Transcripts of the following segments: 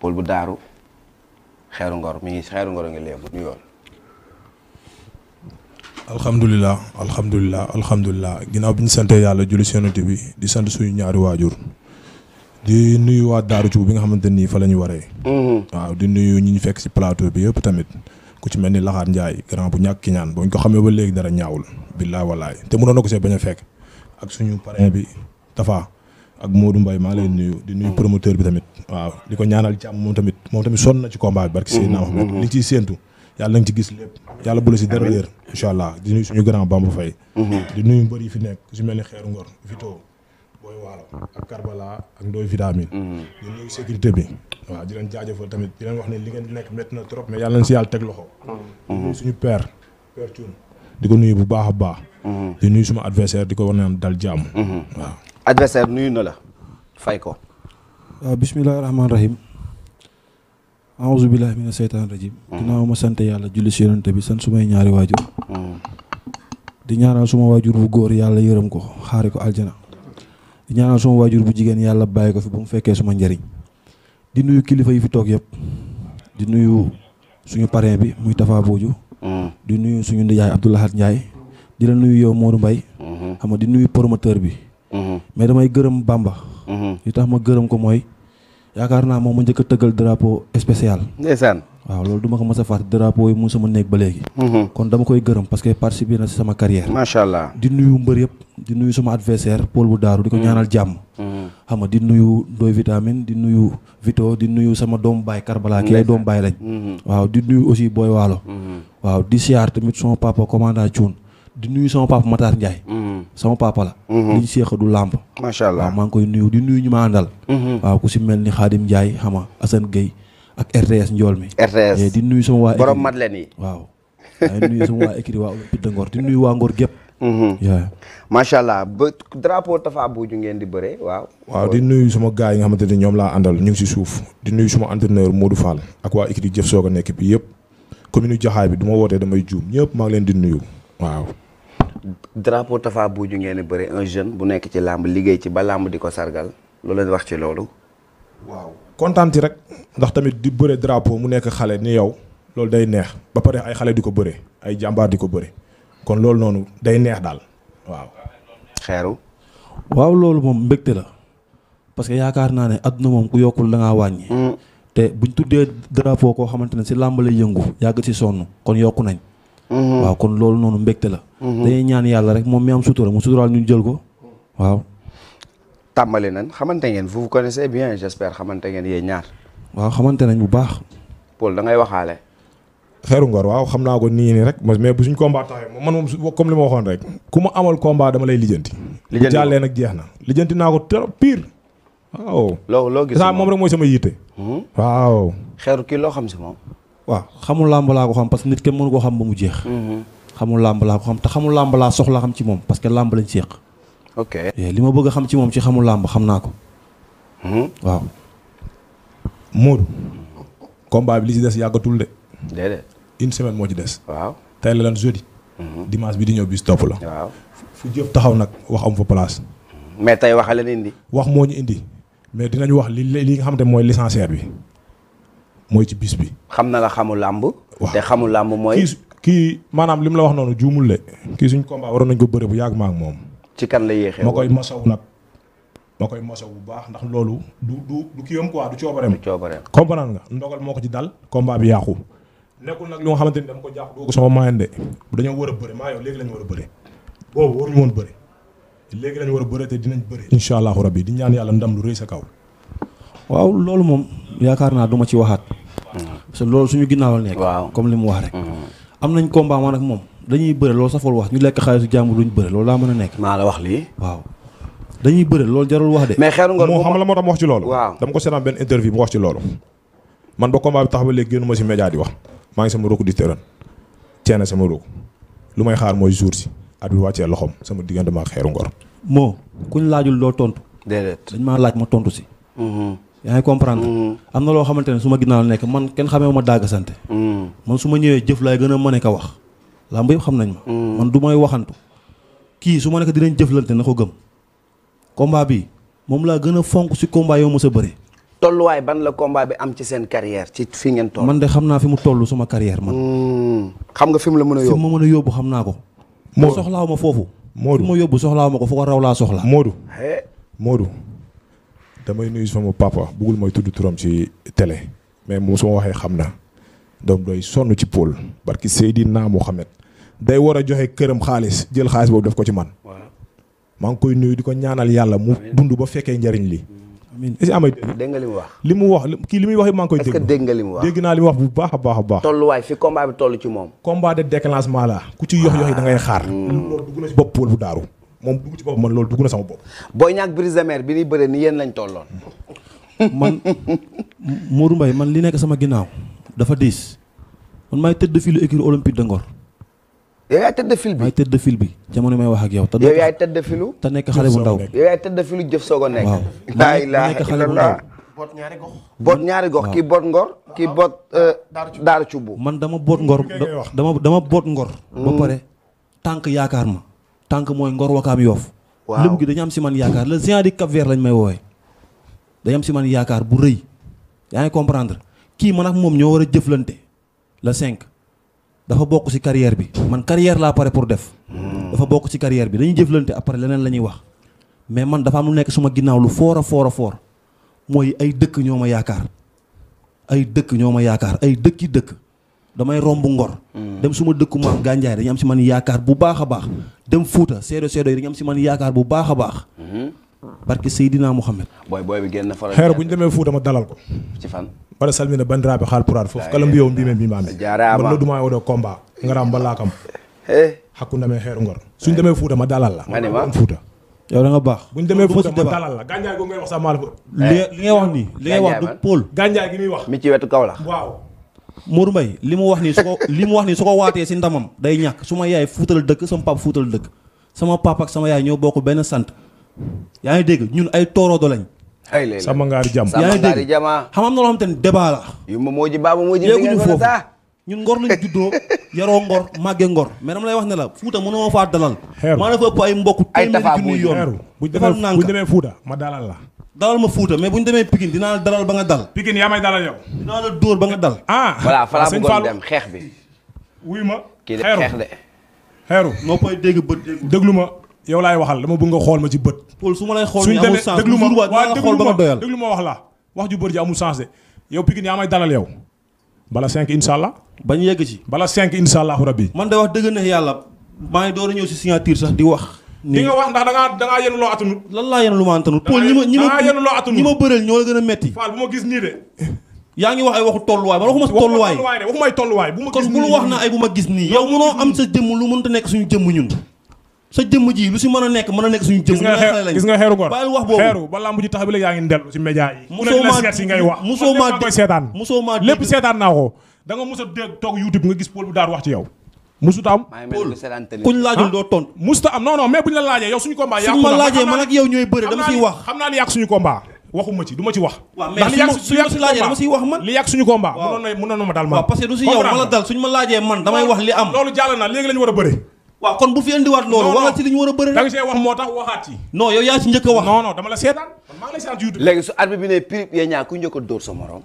pôle bu daaru xeeru ngor mi ngi xeeru ngor a ngi léegi ñu yoon alhamdulilah alhamdulilah alhamdulilah ginnaaw bi ñu sante yàlla julli si yonent bi di sant suñu ñaari waajur di nuyu waa daaru Cuub bi nga xamante nii fa la ñu waree mm-hmm. waaw di nuyu ñi ñu fekk si plateau bi yëpp tamit ku ci mel ni Laxaat Njaay grand bu ñàkk ki ñaan boo ñu ko xamee ba léegi dara ñaawul billaay wallaay te mënoon na ko see bañ a fekk ak suñu parrain bi Tafa ak Modou mbay maa ngi lay nuyu di nuyu promoteur bi tamit waaw di ko ñaanal jàmm moom tamit moom tamit sonn na ci combat bi barki Seydina Mohamed mm-hmm. li ciy séentu yàlla nañ ci gis lépp yàlla si dara leer incha allah di nuyu suñu grand Bamba Faye mm-hmm. di nuyu mbër yi fi nekk su mel ni Xeeru Ngor Vito Boy Waalo ak Karbala ak Ndoy Vitamine mm-hmm. di nuyu sécurité bi waaw di leen jaajëfal tamit wax ne li ngeen nekk métti na trop yàlla si yàlla teg suñu père di ko nuyu bu baax a baax di nuyu suma adversaire di ko war naa dal jàmm waaw adversaire nuyu na la fay ko. waaw bisimilah rahmaani rahim. aouzu billahi mina seytaan mm. sant yàlla julli si yonent bi sant sumay ñaari waajur. Mm. di ñaanal suma waajur bu góor yàlla yërëm ko xaari ko aljana. di ñaanal suma waajur bu jigéen yàlla bàyyi ko fi ba mu fekkee suma njariñ di nuyu kilifa yi fi toog yëpp. di nuyu suñu parrain bi muy Tafa Booju. Mm. di nuyu suñu nijaay Abdoulahat Ndiaye. di la nuyu yow Modou Mbaye. Mm-hmm. xam nga di nuyu promoteur bi. mais damay gërëm Bamba. Mhm. li tax ma gërëm ko mooy yaakaar naa moom ma njëkk a tëggal drapeau spécial. ndeysaan waaw loolu duma ma ko mës a fàtte drapeau yi mu sama néeg ba léegi. Mhm. kon dama koy gërëm parce que participer na si sama carrière. macha allah di nuyu mbër yëpp di nuyu sama adversaire Paul bu daaru di ko mhm. ñaanal jàmm. xam di nuyu doy vitamine di nuyu Vito di nuyu sama doomu baay Karbala ki ay doom baay lañ. waaw di nuyu aussi booy Waalo. waaw di siyaar tamit sama papa commandant di nuyu sama papa Matar Ndiaye. Mm-hmm. sama papa la. Mm-hmm. li ñu seex du làmb. macha waaw maa ngi koy nuyu di nuyu ñu ma àndal. Mm-hmm. waaw ku si mel ni Xaadim Ndiaye xama Assane Gueye ak RTS Ndiol mi. RTS eh, di nuyu sama waa. borom mat leen nuyu sama waa écrit waa Ngor di nuyu waa Ngor gépp macha allah ba drapeau ngeen di bëree waaw. waaw di nuyu suma gars yi nga xamante ne ñoom laa àndal ñu ngi si suuf di nuyu suma entraîneur Modou Fall ak waa équipe jëf soog a nekk bi yëpp commune Jaxaay bi duma wootee damay juum ñëpp maa ngi leen di nuyu waaw. drapo Tafa Buju ngeen bëre un jeune bu nekk ci làmb liggéey ci ba làmb di ko sargal loolu leen wax ci loolu. waaw kontaan ci rek ndax tamit di bëre drapeau mu nekk xale ni yow loolu day neex ba pare ay xale di ko bëre ay jàmbaar di ko bëre kon loolu noonu day neex daal waaw. waaw loolu moom mbégte la parce que yaakaar naa ne adduna moom ku yokkul da ngaa wàññi. Mm. te buñ tuddee drapeau koo xamante ne si làmb lay yëngu yàgg ci sonn kon yokku nañ. Mm-hmm. waaw kon loolu noonu mbégte la. Mhm. dañuy ñaan yàlla rek moom mi am sutura mu suturaal ñu jël ko waaw. tàmbali nañ xamante ngeen vous vous connaissez bi j'espère xamante ngeen yéen ñaar. waaw xamante nañ bu baax. Paul da ngay waxaale. xeeru ngor waaw xam naa ko nii nii rek mais bu suñ combat taxee man moom comme li ma ku ma amal combat dama lay lijjanti. lijjanti jàllee nag jeex na lijjanti naa ko trop pire. waaw loo loo gis moom rek mooy sama yitte. Mhm. waaw. xeeru kii loo xam si moom. waaw xamul làmb laa ko xam parce que nit kenn mënu xamul làmb laa ko xam te xamul làmb laa soxla xam ci moom parce que làmb lañ séq. li ma bëgg a xam ci moom ci xamul làmb xam naa ko. Hmm? waaw. Modou. combat bi li ci des yàggatul de. une semaine moo ci des. waaw tey la lan jeudi. Hmm. dimanche bi di ñëw bis topp la. fu jëf taxaw nag wax am fa place. Hmm. mais tey wax la indi. wax moo ñu indi mais dinañu wax li li nga xam te mooy licenciaire bi mooy ci bis bi. xam na la xamul làmb. waaw te xamul làmb mooy. kii maanaam li mu la wax noonu juumul le kii suñ combat waroon nañ ko bëre bu yàgg ma ak moom. ci kan la yéexee ma koy mosaw nag. ma koy mosaw bu baax ndax loolu du du du kii am quoi du coobareem. du coobareem comprendre nga ndogal moo ko ci dal combat bi yàqu. nag li xamante ni dama ko jàpp doo ko sama maayande dañoo war a bëre maa yow léegi a bëre boobu waruñu woon léegi lañu war a bëre te dinañ bëre incha allahu di ñaan yàlla ndam lu rëy sa kaw waaw loolu moom yaakaar naa du ma ci waxaat mm. parce loolu suñu ginnaaw la nekk comme li mu wax rek mm-hmm. am nañ combat man moom dañuy bëre loolu saful wax ñu lekk xaalisu jàmbur duñ bëre loolu laa mën a nekk. maa la wax lii. waaw dañuy bëre loolu jarul wax de. mais xeeru ngor moo xam la moo tax wax ci loolu. waaw dama ko seetaan benn interview mu wax ci loolu. man ba tax ba léegi génn ma si média di wax maa ngi sama roku di tëran ceena sama roku lu may xaar mooy jour si at bi wàccee loxoom sama diggante ma ak xeeru ngor. moo kuñ laajul doo tontu. déedéet dañ maa laaj ma tontu si. Mm-hmm. yaa ngi comprendre. Mm-hmm. am na loo xamante ne su ma ginnaaw nekk man kenn xamee ma daaga sante mm-hmm. man su ma ñëwee jëf laay gën a mën a wax. làmb yëpp xam nañ ma. Mm-hmm. man du may waxantu. kii su ma nekk dinañ jëflante na ko gëm. combat bi moom laa gën a fonk si combat yow mos a bëri. tolluwaay ban la combat bi am ci seen carrière ci fi ngeen man de xam naa fi mu toll suma carrière man. xam nga fi mu la mën a yóbbu fi a yóbbu xam naa ko. moo soxlaaw ma foofu. Modou fi ma yóbbu soxlaaw ma ko fu ko raw laa soxla. Modou Modou. damay nuyu sama papa bëggul mooy tudd turam ci télé mais moom su waxee xam na donc doy sonn ci Paul barki Seydina Mohamed day war a joxe këram xaalis jël xaalis boobu def ko ci man. maa ngi koy nuyu di ko ñaanal yàlla mu dund ba fekkee njariñ li. amiin est-ce que li mu wax. li mu wax kii li muy wax maa koy dégg. dégg nga li mu wax naa wax bu baax a baax a baax. tolluwaay fi combat bi toll ci moom. combat de déclenchement la ku ci yox yox yi da xaar. Ah. bopp Paul bu daaru. moom dugg ci boppam man loolu dugg na sama bopp. Boy Niang Brise bi ni bëre ni yéen lañ tolloon. man Modou Mbaye man li nekk sama ginnaaw dafa diis man tëdd fil écurie olympique de Ngor. yow tëdd fil bi maay may wax ak yow. yow yaay tëdd filu te nekk xale bu ndaw. yow yaay tëdd filu jëf ko nekk. waaw laa ilaaha illallaah boot ñaari gox. boot ñaari gox kii boot ngor. kii boot euh, daaru cubbu. man dama boot ngor dama dama boot ngor. ba hmm. pare tànk yaakaar ma. tànk mooy ngor wakaam yoof waaw lëbu dañu am si man yaakaar le géant di cap lañ may woowee dañu am si man yaakaar bu rëy yaa ngi comprendre kii man ak moom ñoo war a jëflante le cinq dafa bokk si carrière bi man carrière laa pare pour def dafa bokk si carrière bi dañuy jëflante après leneen la ñuy wax mais man dafa am lu nekk suma ginnaaw lu foor a foor a foor mooy ay dëkk ñoo ma yaakaar ay dëkk ñoo ma yaakaar ay dëkki dëkk damay romb ngor hmm. dem su ma dëkku maam gànjaay dañu am si man yaakaar bu baax a baax dem fuuta seedo seedo yi dañu am si man yaakaar bu baax a baax hmm. barke Seydina Mouhamed booy booy bi génn faral xeer bu ñu demee fuuta ma dalal ko ci fan mbaɗa salmina bandiraɓe haalpuraɗo foof kala mbiyowo mbimi mbimami mbaɗa nodduma oɗo combat garam mballakam eh? hakkude ngor suñ demee fuuta ma dalal la am fuuta yow da nga baax buñ demee fuuta ma dalal la gànjaay go ngay wax sa maal li ngay wax nii li ngay wax du Paul gànjaay gi muy wax mi ci wetu kaw la Mourou Mbaye li mu wax nii su ko li mu wax nii su ko waatee si ndamam day ñàkk su ma yaay fuutal dëkk sama pap fuutal dëkk sama pap ak sama yaay ñoo bokk benn sant yaa ngi dégg ñun ay tooroodo lañ. ay léegi sama ngaari jàmm yaa ngi dégg xam na loo xam te ne la. yu ma moo ji baaba moo foofu ñun ngor lañ juddoo yaroo ngor màggee ngor mais dama lay wax ne la Fuuta mënoo faa dalal. xeeru maa dafa ëpp ay mbokk téeméeri junni yoon. ay tafa bu ñu demee Fuuta ma dalal la dalal ma Fuuta mais bu ñu demee Pikine dinaa la dalal ba nga dal. Pikine yaa may dalal yow. dinaa la dóor ba nga dal. aa ah, ah, voilà fa laa bëggoon dem xeex bi. wuy ma xeeru kii de xeex xeeru noo dégg bët déglu ma yow laay waxal dama bëgg nga xool ma ci bët. Paul su ma lay xool nii amul sens déglu ma waaw déglu ma wax la wax ju bëri ji amul sens de yow Pikine yaa may dalal yow. bala 5 incha allah. bañ yegg ci. bala 5 incha allahu rabbi. man de wax dëgg na yàlla maa ngi door a ñëw si signature sax di wax di nga da ngaa da ngaa yenu loo lan laa yenu lu ma antanut Paul ñi ma ñi ma yenu ñoo gën a metti Fall bu ma gis nii de yaa ngi wax ay waxu tolluwaay man waxuma si tolluwaay waxuma ay tolluwaay bu ma gis kon bul wax na ay bu ma gis nii yow mënoo am sa jëmm lu mënta nekk suñu jëmm ñun sa jëmm ji lu si mën a nekk mën a nekk suñu jëmm lañ gis nga xeeru gor bàyyil wax boobu xeeru ba lamb ji tax bi si média yi musoo maa si ngay wax musoo maa koy seetaan musoo maa lépp seetaan naa ko da nga mos a dégg toog youtube nga gis Paul bu daar wax ci yow musut am. kuñ laajul ah. doo tontu. musut am non non mais buñ la laajee yow suñu combat. yàqu na ma laajee man ak yow ñooy bëre dama siy wax. xam naa ni waxuma ci du ci wax. man. na mënoon na ma dal la dal man damay wax li am. loolu jàll na léegi a bëre. waaw kon bu fi indiwaat loolu. waxal ci li ñu war a bëri da nga see wax moo tax waxaat ci. non yow ci njëkk a wax. non dama la seetaan léegi su arbitre bi ne prip yee ñaa ku njëkk a dóor sa morom.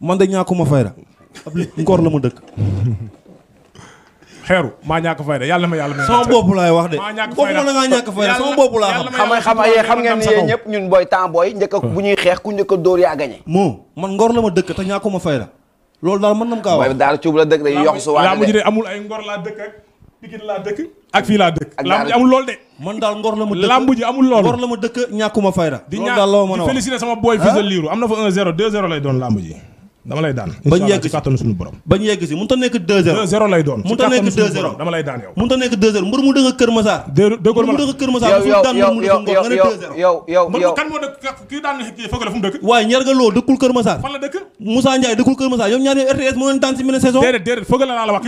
man de ñaakuma fayra. ab li ngor la ma dëkk. xeeru maa ñàkk fayda yàlla ma yàlla ma sama bopp laay wax de boobu mën ngaa ñàkk fayda sama bopp laa xam xam xam ay xam ngeen ni yéen ñëpp ñun booy a dóor yaa gañe moo man la ma dëkk te ñàkkuma fayda loolu daal mën nam kaa wax daal fii laa dëkk ma dëkk lamb ji amul loolu ma dëkk ñàkkuma fayda ah? am na fa 1 0 2 0 lay doon lamb ji dama lay daan bañ yegg ci kàttanu suñu borom bañ yegg si mënu ta nekk 2-0 2 lay doon mënu ta nekk 2-0 ta nekk 2 mbër mu dëkk Kër Massar dëkk Kër la laa la wax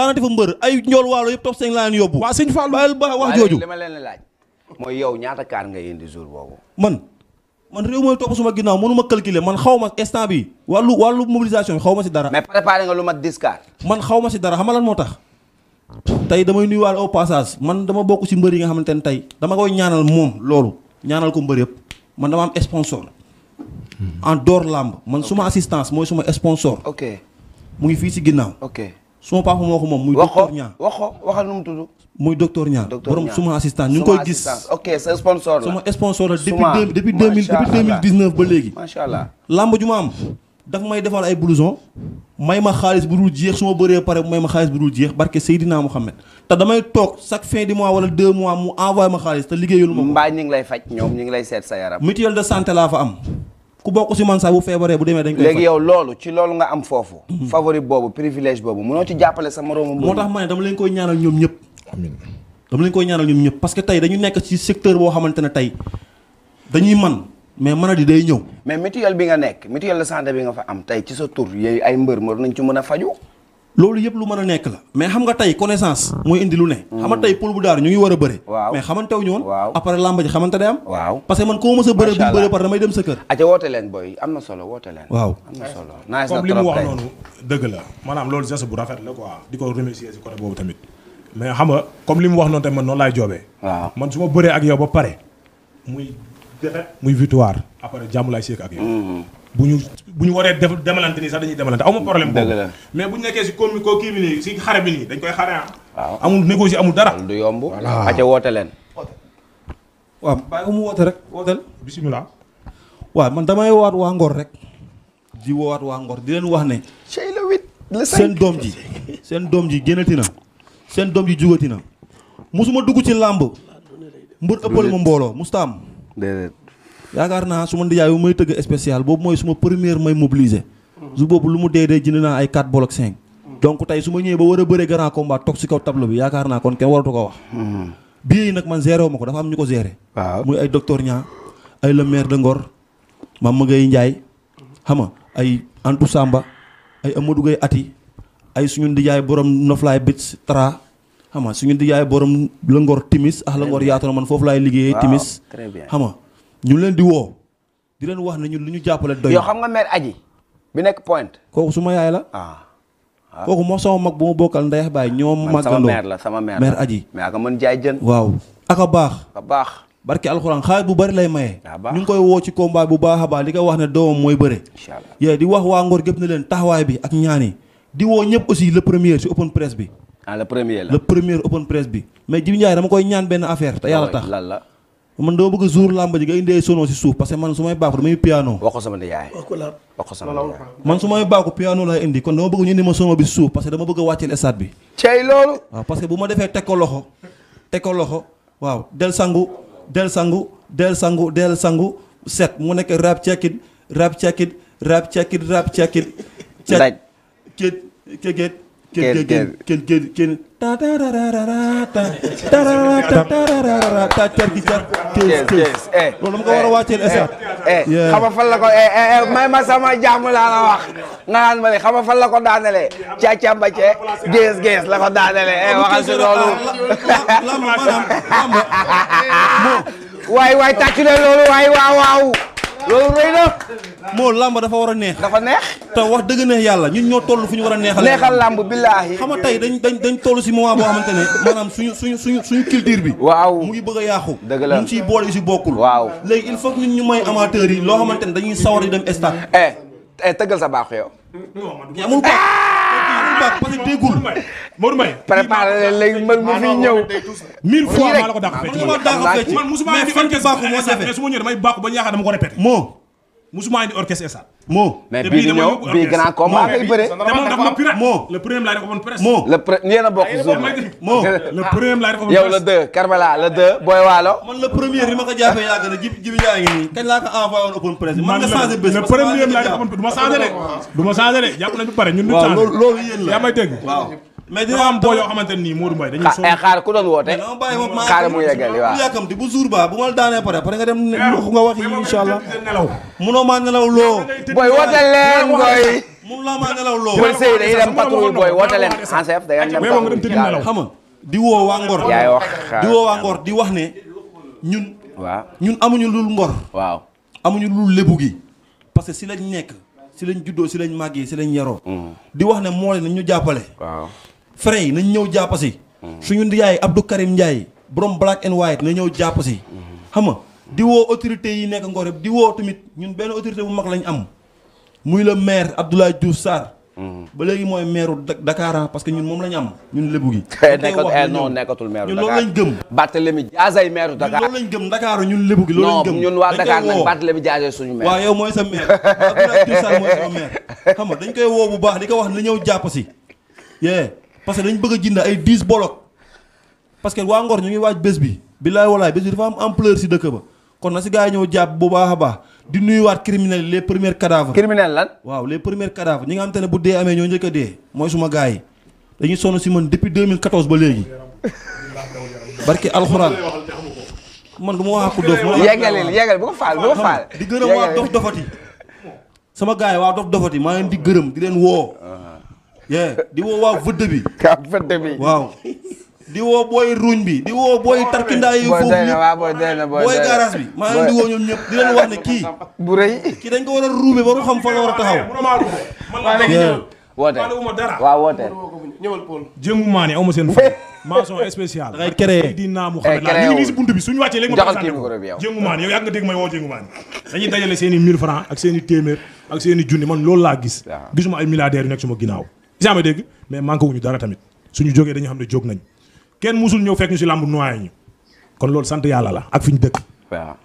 man pour fa mbër ay njool waalo yëpp topp laa leen yóbbu ma leen laaj mooy yow ñaata kaar nga man man réew mooy topp suma ginnaaw mënu ma calculer man xaw ma instant bi wàllu wàllu mobilisation bi xaw ma si dara. mais préparé nga lu mat discar. man xaw ma si dara xam moo tax tey damay nuyuwaale au passage man dama bokk si mbër yi nga xamante ne tey dama koy ñaanal moom loolu ñaanal ko mbër yëpp man dama am sponsor. en dehors làmb man suma assistance mooy suma sponsor. ok mu ngi fii si ginnaaw. ok suma papa moo ko moom muy docteur Niang wax ko waxal nu mu tudd muy docteur Niang borom suma assistant ñu ngi koy gis ok sa sponsor la suma sponsor la depuis depuis deux mille deux mille dix neuf ba léegi macha allah làmb ju ma am daf may defal ay blouson may ma xaalis bu dul jeex su ma bëree pare may ma xaalis bu dul jeex barke Seydina Mohamed te damay toog chaque fin du mois wala deux mois mu envoyé ma xaalis te liggéeyul ma mbaa ñu ngi lay faj ñoom ñu ngi lay seet sa yaram mutuelle de santé laa fa am ku bokk si man sax bu feebaree bu demee dañ koy léegi yow loolu ci loolu nga am foofu mm-hmm. favori boobu privilège boobu mënoo ci jàppale sa moroomam moo tax ma ne dama leen koy ñaanal ñoom ñëpp amiin dama leen koy ñaanal ñoom ñëpp parce que tey dañu nekk ci secteur boo xamante ne tey dañuy man mais mën a di day ñëw mais mutuelle bi nga nekk mutuelle de santé bi nga fa am tey ci sa tur yooyu ay mbër mor nañ ci mën a faju loolu yëpp lu mën a nekk la mais xam nga tey connaissance mooy indi lu ne xam nga tey pël bu daar ñu ngi war a bëre mais xamante wu ñu woon après làmb ji xamante day am waaw parce que man koo mës a bëre bu ñu bëree par damay dem sa kër aca solo woote leen waaw am na solo nice comme li mu wax noonu dëgg la maanaam loolu geste bu rafet la quoi di ko remercier si côté boobu tamit mais xam nga comme li mu wax noonu tamit man noonu laay joobee man su ma bëree ak yow ba pare muy défaite muy victoire après jàmm laay seek ak bu ñu bu ñu waree def demalante nii sax dañuy demalante aw ma problème boobu. mais bu ñu nekkee si commune koo kii bi nii si xare bi nii dañ koy xare ah. amul négocier amul dara. du yomb. voilà acca woote leen. waaw rek wooteel bisimilah. waaw man damay waat waa Ngor rek. di woowaat waa Ngor di leen wax ne. seen doom ji seen doom ji génnati na seen doom ji jugati na mosuma dugg ci làmb mbër ëppal ma mbooloo mustaam yaakaar naa su ma ndijaay bu may tëgg spécial boobu mooy ma première may mobiliser su boobu lu mu dee dee jënd naa ay 4 bol ak 5 tey su ma ñëwee ba war a bëre grand combat toog si kaw tableau bi yaakaar naa kon kenn waratu ko wax bii yi nag man géré ko dafa am ñu ko géré waaw muy ay docteur ñaa ay le maire de Ngor Mame Gueye Ndiaye xam nga ay Antou Samba ay Amadou Gueye Ati ay suñu ndijaay borom Noflaay Bits Tra xam nga suñu ndijaay borom la Ngor Timis ah la Ngor man foofu laay liggéeyee Timis xam nga ñu leen di woo di leen wax ne ñu lu ñu jàppale doy. yow xam nga mère aji bi nekk point. kooku suma yaay la. Ah. ah kooku moo sama mag bu ma bokkal ndeex baay ñoo màggandoo sama la sama mère la mère aji. mais aka mën jaay jën. waaw aka baax. aka baax. barke alxuraan xaalis bu bari lay maye. ñu ngi koy woo ci combat bu baax a baax li ko wax ne doomam mooy bëre. incha allah di wax waa Ngor gépp na leen taxawaay bi ak ñaani di woo ñëpp aussi le premier si open press bi. ah le premier la le premier open press bi. mais Jibi Ndiaye dama koy ñaan benn affaire te yàlla tax man dama bëgg jour làmb ji nga indee sono si suuf parce que man su may baaxu ko sama nijaay wax man su may baaxu piano laay indi kon dama bëgg ñu indi ma sono bi si suuf parce dama bëgg a wàcceel stade bi. cey loolu. waaw parce que bu ma defee teg ko loxo teg ko loxo waaw del sangu del sangu del sangu del sangu set mu nekk rap cekit rap cekit rap cekit rap cekit. cekit cekit. kenn kenn kenn kenn kenn ta ta ta ta ta ta ta car gi car kees kees loolu dama ko war a wàcceel esat xam nga fan la ko may ma sama jàmm laa la wax nga naan ma ne xam nga fan la ko daanele ca càmba ce gees gees la ko daanele waxal si loolu lamb maanaam lamb waay waay tàcc na loolu waay waaw waaw loolu rëy na. moo làmb dafa war a neex. dafa neex. te wax dëgg neex yàlla ñun ñoo toll fu ñu war a neexal. neexal làmb billaahi. xam nga tey dañ dañ dañ toll si moment boo xamante ne maanaam suñu suñu suñu suñu culture bi. waaw mu ngi bëgg a yàqu. dëgg la ñu ngi siy boole yu si bokkul. waaw léegi il faut que ñun ñu may amateurs yi loo xamante ne dañuy sawar di dem stade. eh eh tëggal sa baaxu yow. amul baax parce mille fois maa la ko dàq fecc man musuma andi fan ke baaxu moo sa fecc mais su ma ñëwee damay baaxu ba ñu yaakaar ko répété moo musuma indi orchestre stade. moo mais bii di ñëw bii grand combat kay bëre. moo le laa def open press. moo le a laa def open press ah, ah. yow le Karbala le Boy Waalo. man ma ko jàppee yàgg na ji ji bi yaa ngi nii kañ laa ko envoyé woon press. man nga changé bés le premier du ma changé du ma changé de jàpp nañu ba pare ñun. waaw mais dina am boo yoo xamante ne nii Modou Mbaye dañuy sonn eh, xaar ku doon woote xaar mu yeggali waaw yàkkamti bu jour ba bu ma la daanee pare pare nga dem loxu nga wax yi incha allah munoo maa nelaw loo booy woote leen booy mun laa maa nelaw loo booy sëy dañuy dem patrouille booy woote leen en chef da nga di woo waa Ngor wax di wax ne ñun waaw ñun amuñu lul Ngor waaw amuñu lul lébu gi parce que si lañ nekk si lañ juddoo si lañ yi si lañ yaroo mm. di wax ne moo leen ñu jàppale waaw frein yi nañ ñëw jàpp si. suñu ndiyaay Abdou Karim Ndiaye borom black and white na ñëw jàpp si. xam nga di woo autorité yi nekk Ngor di woo tamit ñun benn autorité bu mag lañ am muy le maire Abdoulaye Diouf Sarr. ba léegi mooy maire Dakar parce que ñun moom la am ñun lébu gi. nekkul eh, non nekkatul maire Dakar ñun loolu lañ gëm. Barthélemy Dias ay maire ñun lébu gi. loolu lañ gëm ñun yow mooy sa maire xam nga dañ koy woo bu baax di ko wax na ñëw jàpp si yee parce que dañu bëgg a jënd ay 10 bolok parce que waa Ngor ñu ngi waaj bés bi billaay walaay bés bi dafa am ampleur si dëkk ba kon na si gars yi ñëw jàpp bu baax a baax di nuyuwaat criminels yi les premiers cadavres. criminels lan. waaw les premiers cadavres ñi nga xam te ne bu dee amee ñoo njëkk a dee mooy suma gars yi dañuy sonn si man depuis 2014 ba léegi barke alxuraan. man du ma wax ak dof. yeggalil yeggal bu ko faal bu ko faal. di sama gars yi waa dof dofati maa leen di gërëm di leen woo di woo waa vëdd bi. ka vëdd bi waaw. di woo booy ruuñ bi di woo booy tarkindaa yi foofu ñëpp booy garage bi maa ngi di woo bu rëy kii dañ ko war a ruube ba mu xam fa la a taxaw woote waaw woote ñëwal Paul jëngu maa ne aw ma seen fay mention spéciale ñu ngi eh, nii si bunt bi suñu wàccee léegi ma sànni seen i mille francs ak seen i téeméer ak seen junni man loolu laa gis gisuma ay milliardaires yu nekk suma ginnaaw yaa ma dégg mais manqué ñu dara tamit suñu jógee dañu xam ne jóg nañ kenn musul ñëw fekk ñu si làmb noyé ñu kon loolu sant yàlla la ak fi ñu dëkk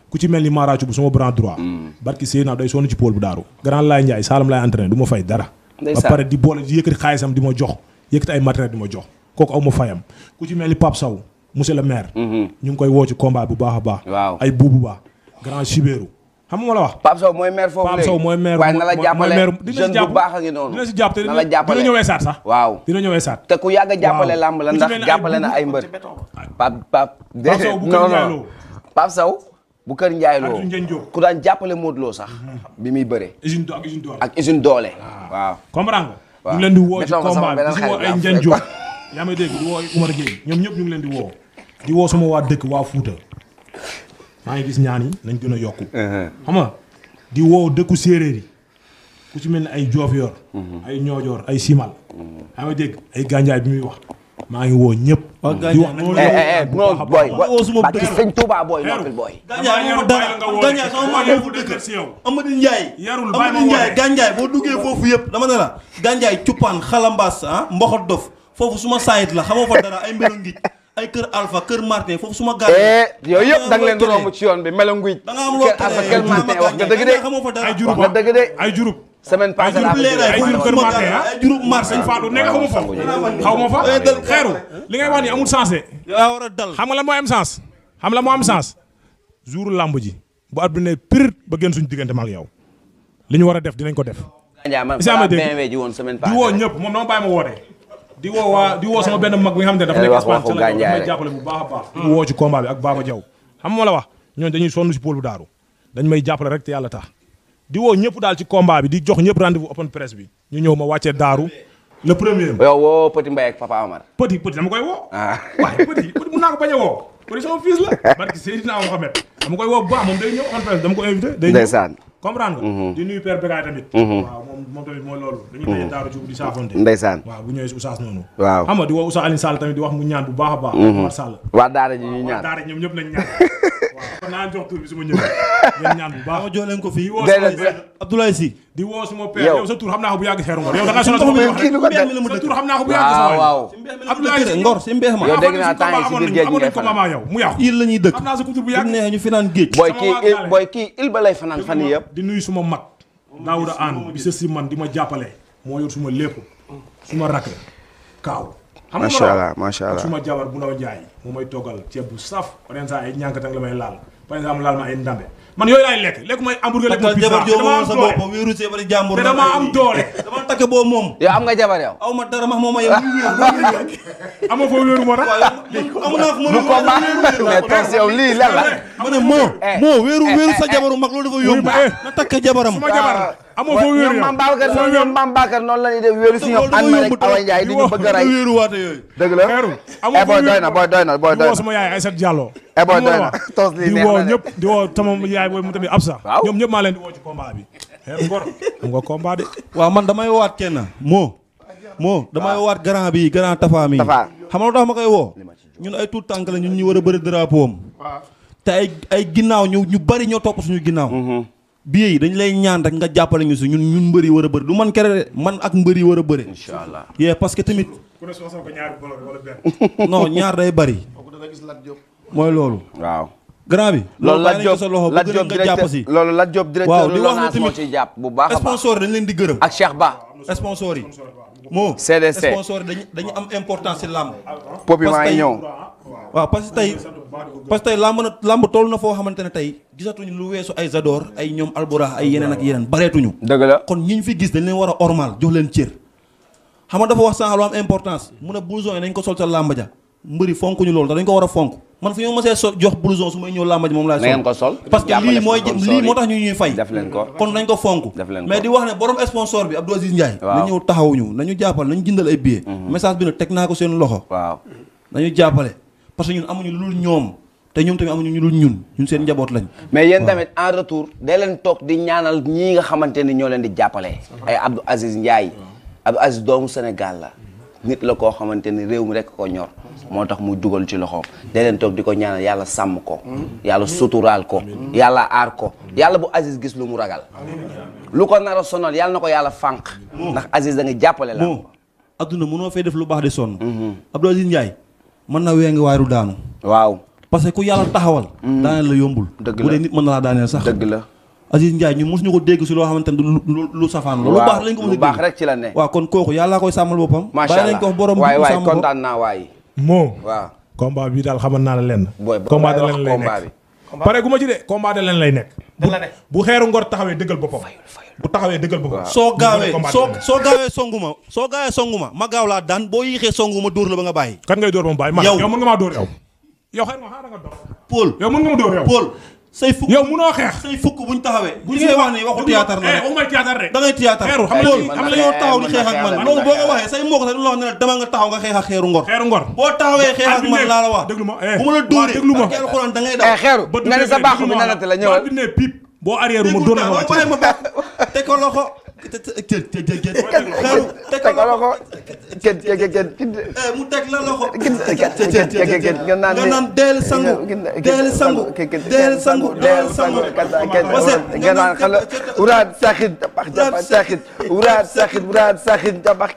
ku ci mel ni maaraacu bu sama bras droit mm. barki sëy day sonn ci pôle bu daaru grand laay Ndiaye saalam laay entraîné duma fay dara ba pare di boole di yëkkati xaalisam di ma jox yëkkati ay matériel di ma jox kooku aw ma fayam ku ci mel ni Pape Sow monsieur le maire mm-hmm. ñu ngi koy woo ci combat bu baax a baax ay buubu baax grand Chibéru xam nga ma la wax. Pape Sow mooy maire foofu léegi waaye na la jàppale a ngi noonu dina si ñëwee saat sax. waaw dina ñëwee saat. te ku yàgg a jàppale làmb la ndax jàppale na ay mbër. Pape Pape. déedéet non non Pape Sow bu Kër Ndiaye Lo ku daan jàppale Modou Lo sax. Mhm. bi muy bëree. usine ak usine doole ak usine doole. Ah. waaw comprendre nga. leen di woo ci combat bi di woo ay Ndiaye Diop. yaa may ñoom ñëpp ñu leen di woo di woo sama waa dëkk waa Fuuta maa ngi gis ñaan yi nañ gën a yokk uh-huh. xam di woo dëkku séeréer yi ku ci mel ni ay joof yor uh-huh. ay ñoojoor ay simal. xam uh-huh. dégg ay gànjaay bi muy wax. maa ngi woo ñëpp. wax gàncax wax noonu la non booy booy sëñ Touba booy noppil booy. gàncax sama mag yi fu dëkk si yow. Amady Ndiaye. yarul bàyyi boo duggee foofu yëpp dama ne la. gàncax cuppaan xalambaas ah mboxot dof foofu ma saayit la xamoo fa dara ay mbiru ngi ay kër alfa kër Martin foofu su ma gaañee. Eh, yooyu yëpp da nga leen di romb ci yoon bi melanguy. da ngaa am loo tënee kër Alpha kër Martin wax nga ay jurub. semaine passée la ay jurub kër Martin ah. mars sëñ Fallou nekk xaw ma fa. xaw ma fa eh, xeeru li ngay wax ni amul sens de. war a dal xam nga la moo am sens. xam la moo am sens jour lamb ji bu at bi ne pire ba gën suñ diggante ma ak yow li ñu war a def dinañ ko def. is naa ma dégg di woo ñëpp moom dama bàyyi ma woote di woo waa di woo sama benn mag bi nga xam ne dafa nekk Espagne ca la may jàppale bu baax a baax di woo ci combat bi ak Baba Diaw xam nga la wax ñooñu dañuy sonn si pôle bu daaru dañ may jàppale rek te yàlla tax di woo ñëpp daal ci combat bi di jox ñëpp rendez-vous open press bi ñu ñëw ma wàccee daaru le premier. yow woo Petit Mbaye ak Papa Amar. Petit Petit dama koy woo. Ah. waaye Petit Petit mun a woo. Petit sama fils la. barki Seydina Mohamed dama koy woo bu baax moom day ñëw open press dama ko invité. day saan comprendre nga. Mhm. di nuyu père Bécaye tamit. Mhm. waaw moom tamit mooy loolu. dañuy daje mhm. daaru ci di saafonte. ndeysaan waaw bu ñëwee Oustaz noonu. waaw xam nga di woo Oustaz Alioune Sall tamit di wax mu ñaan bu baax a baax. Omar waa Daara ji ñoom ñëpp nañ ñaan. naa jox tur bi su ko fii ngor da nga sonal sa tur xam naa ko bu yàgg sa waaw Abdoulaye ngor si mbeex ma yow dégg naa il la dëkk sa tur bu yàgg neex ñu finaan géej booy kii booy kii il ba lay fanaan fan yi yëpp di nuyu suma mag Daouda Anne bi sa si di ma jàppale moo yor suma lépp suma rakk kaaw macha allah macha allah suma jabar bu ndaw njaay moo may toggal ceeb par exemple laal ma ay ndambe man yooyu laay lekk lekk mooy hamburger lekk mooy pizza dama am doole te dama am doole dama takk boobu moom am nga jabar yow ma dara max mooma yow ah, ah, ah, amoo foo wéeru moo tax amu naa ma mais toog si yow lii lan la ma ne moo eh, moo wéeru eh, wéeru eh, sa jabaru mag loolu dafa yóbbu na takk amoo foo wéeru yow maam Babacar noonu ñoom maam Babacar noonu la ñuy def a rey dëgg la sama yaay Aïssat Diallo e booy doy na eh, di woo ñëpp di woo tamam yaay booy mu tamit Absa de waaw man damay waat kenn moo moo damay waat grand bi grand tafa mi tafa xam nga tax ma koy woo ñun ay tuut tànk la ñun ñu war a bëri drapeau am te ay ay ginnaaw ñu ñu bari ñoo topp suñu ginnaaw mm-hmm. bi yi dañ lay ñaan rek nga jàppale ñu si ñun ñun mbëri war a bëri du man kere man ak mbëri war a bëri. incha allah yee parce que tamit. ku ne soo ko ñaar wala benn. non ñaar day bari. mooy loolu waaw. grand bi. loolu la job la job directeur loolu la job directeur lu la moo bu baax a baax sponsor dañ leen di gërëm. ak Cheikh Ba. sponsor yi. moo CDC am importance ci waaw parce que tey parce que tey làmb na làmb toll na xamante ne tey gisatuñu lu weesu ay Zador ay ñoom Alburax ay yeneen ak yeneen bareetuñu. dëgg la kon ñi ñu fi gis dañ war a ormal jox leen cër. xam nga dafa wax sànq lu am importance mu ne blouson yi nañ ko sol sa làmb ja mbëri fonk ñu loolu dañ ko war a fonk man fu ñu mësee so jox blouson su may ñëw làmba ji moom laay sol. ngeen ko parce que lii mooy lii moo tax ñu ñuy fay. ko kon nañ ko fonk. def leen ko mais di wax ne borom sponsor bi Abdou Aziz Ndiaye. na ñëw taxaw ñu nañu jàppale nañu jëndal ay billets. Mhm. message bi nag teg naa ko jàppale parce que ñun amuñu lu dul ñoom te ñoom tamit amuñu ñu dul ñun ñun seen njaboot lañ. mais yéen tamit en retour. day leen toog di ñaanal ñii nga xamante ni ñoo leen di jàppale. ay Abdou Aziz Ndiaye Abdou Aziz doomu Sénégal la nit la koo xamante ni réew mi rek ko ñor moo tax muy dugal ci loxoom da leen toog di ko ñaanal yàlla sàmm ko yàlla suturaal ko yàlla aar ko yàlla bu Aziz gis lu mu ragal lu ko nar a sonal yàlla na ko yàlla fànq ndax Aziz da nga jàppale la moom adduna mënoo fay def lu baax di sonn mm-hmm. Abdou Aziz Ndiaye mën na wee ngi waaru daanu waaw parce que ku yàlla taxawal mm-hmm. daaneel la yombul bu dee nit mën na laa daaneel sax la Aziz Ndiaye ñu mosuñu ko dégg si loo xamante ne lu lu safaan lu baax ko mos a rek ci la ne waaw kon kooku yàllaa koy sàmmal boppam bàyyi nañ ko borom waay waay kontaan naa waay moo waaw combat bi daal xamal la lenn combat da leen lay nekk pare da leen lay nekk bu xeeru ngor taxawee dëggal boppam bu taxawee dëggal boppam soo gaawee soo soo gaawee songu ma soo gaawee songu ma ma gaaw laa daan boo yéexee songu ma dóor la ba nga bàyyi kan ngay dóor ba mu bàyyi yow mën nga maa dóor yow yow xeer nga xaaral nga say fukk yow munoo xeex say fukk buñ taxawee buñ ngay wax ne waxu théâtre la eh, waxu may théâtre xeeru xam nga yow taxaw di xeex ak man loolu boo taxawee xeex ak man laa la wax eh. bu ma la dóoree déglu ma ak alxuraan da daw eh, xeeru nga ne sa baax bi nanate la ñëwal bi ne ma dóor la ma bàyyi loxo mu teg la loxo. nga naan nga naan deel sangu. deel sangu deel sangu deel sangu. nga naan xala wuraat saxin tabax. wuraat saxin wuraat saxin wuraat saxin tabax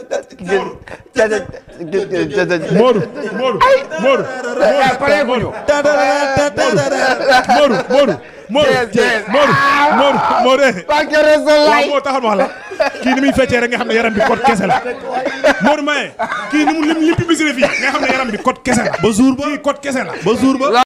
Modou Modou Modou pare guñu Modou Modou moo taxal wax la kii ni muy feccee rek nga xam ne yaram bi code kese la Modou Maye kii ni mu lim lim publicité fii nga xam ne yaram bi code kese la ba jour ba kii code kese ba